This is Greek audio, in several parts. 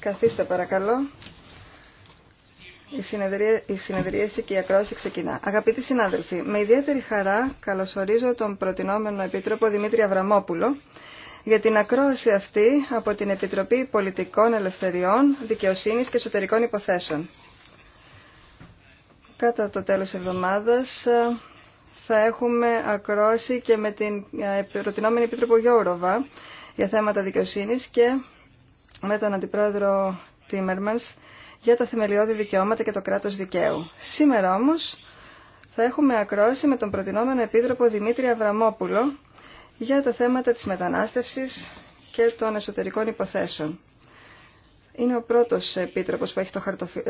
Καθίστε παρακαλώ. Η, συνεδρίαση και η ακρόαση ξεκινά. Αγαπητοί συνάδελφοι, με ιδιαίτερη χαρά καλωσορίζω τον προτινόμενο Επίτροπο Δημήτρη Αβραμόπουλο για την ακρόαση αυτή από την Επιτροπή Πολιτικών Ελευθεριών, Δικαιοσύνης και Εσωτερικών Υποθέσεων. Κατά το τέλος εβδομάδας ε, θα έχουμε ακρόαση και με την ε, προτινόμενη Επίτροπο Γιώροβα για θέματα δικαιοσύνης και με τον Αντιπρόεδρο Τίμερμανς για τα θεμελιώδη δικαιώματα και το κράτος δικαίου. Σήμερα όμως θα έχουμε ακρόαση με τον προτινόμενο Επίτροπο Δημήτρη Αβραμόπουλο για τα θέματα της μετανάστευσης και των εσωτερικών υποθέσεων είναι ο πρώτος επίτροπος που έχει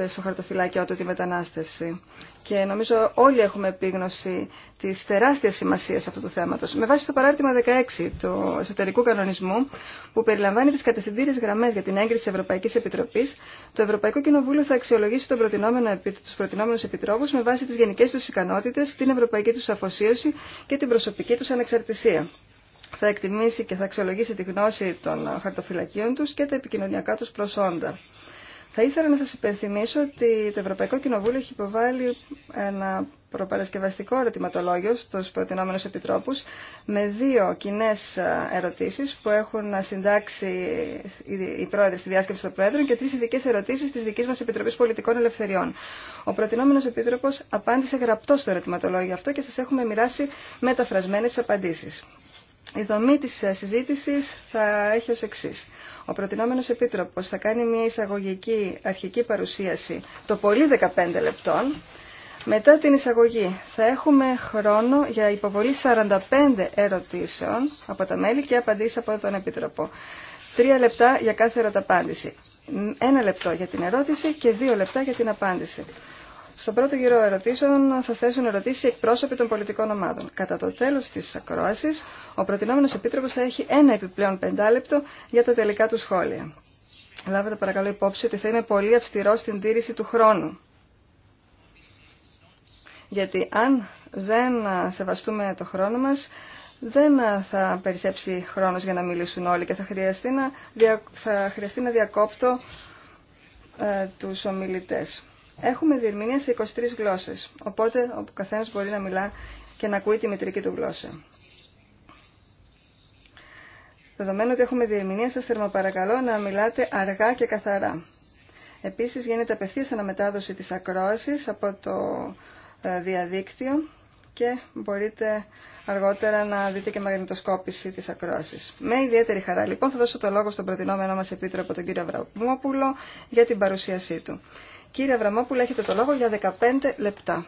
στο χαρτοφυλάκιό του τη μετανάστευση. Και νομίζω όλοι έχουμε επίγνωση της τεράστιας σημασίας αυτού του θέματος. Με βάση το παράρτημα 16 του εσωτερικού κανονισμού που περιλαμβάνει τις κατευθυντήριες γραμμές για την έγκριση Ευρωπαϊκής Επιτροπής, το Ευρωπαϊκό Κοινοβούλιο θα αξιολογήσει τον προτινόμενο, τους προτινόμενους επιτρόπους με βάση τις γενικές τους ικανότητες, την ευρωπαϊκή τους αφοσίωση και την προσωπική του ανεξαρτησία θα εκτιμήσει και θα αξιολογήσει τη γνώση των χαρτοφυλακίων τους και τα επικοινωνιακά τους προσόντα. Θα ήθελα να σας υπενθυμίσω ότι το Ευρωπαϊκό Κοινοβούλιο έχει υποβάλει ένα προπαρασκευαστικό ερωτηματολόγιο στους προτινόμενους επιτρόπους με δύο κοινέ ερωτήσεις που έχουν συντάξει οι πρόεδροι στη διάσκεψη των πρόεδρων και τρεις ειδικέ ερωτήσεις της δικής μας Επιτροπής Πολιτικών Ελευθεριών. Ο προτινόμενος επίτροπο απάντησε γραπτό στο ερωτηματολόγιο αυτό και σας έχουμε μοιράσει μεταφρασμένες απαντήσεις. Η δομή της συζήτησης θα έχει ως εξής. Ο προτινόμενος επίτροπος θα κάνει μια εισαγωγική αρχική παρουσίαση το πολύ 15 λεπτών. Μετά την εισαγωγή θα έχουμε χρόνο για υποβολή 45 ερωτήσεων από τα μέλη και απαντήσεις από τον Επίτροπο. Τρία λεπτά για κάθε ερωταπάντηση. Ένα λεπτό για την ερώτηση και δύο λεπτά για την απάντηση. Στον πρώτο γύρο ερωτήσεων θα θέσουν ερωτήσει εκπρόσωποι των πολιτικών ομάδων. Κατά το τέλο τη ακρόαση, ο προτινόμενο επίτροπο θα έχει ένα επιπλέον πεντάλεπτο για τα τελικά του σχόλια. Λάβετε παρακαλώ υπόψη ότι θα είμαι πολύ αυστηρό στην τήρηση του χρόνου. Γιατί αν δεν σεβαστούμε το χρόνο μα, δεν θα περισσέψει χρόνο για να μιλήσουν όλοι και θα χρειαστεί να, θα χρειαστεί να διακόπτω ε, τους ομιλητές. Έχουμε διερμηνία σε 23 γλώσσες, οπότε ο καθένας μπορεί να μιλά και να ακούει τη μητρική του γλώσσα. Δεδομένου ότι έχουμε διερμηνία, σας θερμοπαρακαλώ να μιλάτε αργά και καθαρά. Επίσης γίνεται απευθείας αναμετάδοση της ακρόασης από το ε, διαδίκτυο και μπορείτε αργότερα να δείτε και μαγνητοσκόπηση της ακρόασης. Με ιδιαίτερη χαρά λοιπόν θα δώσω το λόγο στον προτινόμενο μας επίτροπο τον κύριο Αβραμόπουλο για την παρουσίασή του. Κύριε Αβραμόπουλα, έχετε το λόγο για 15 λεπτά.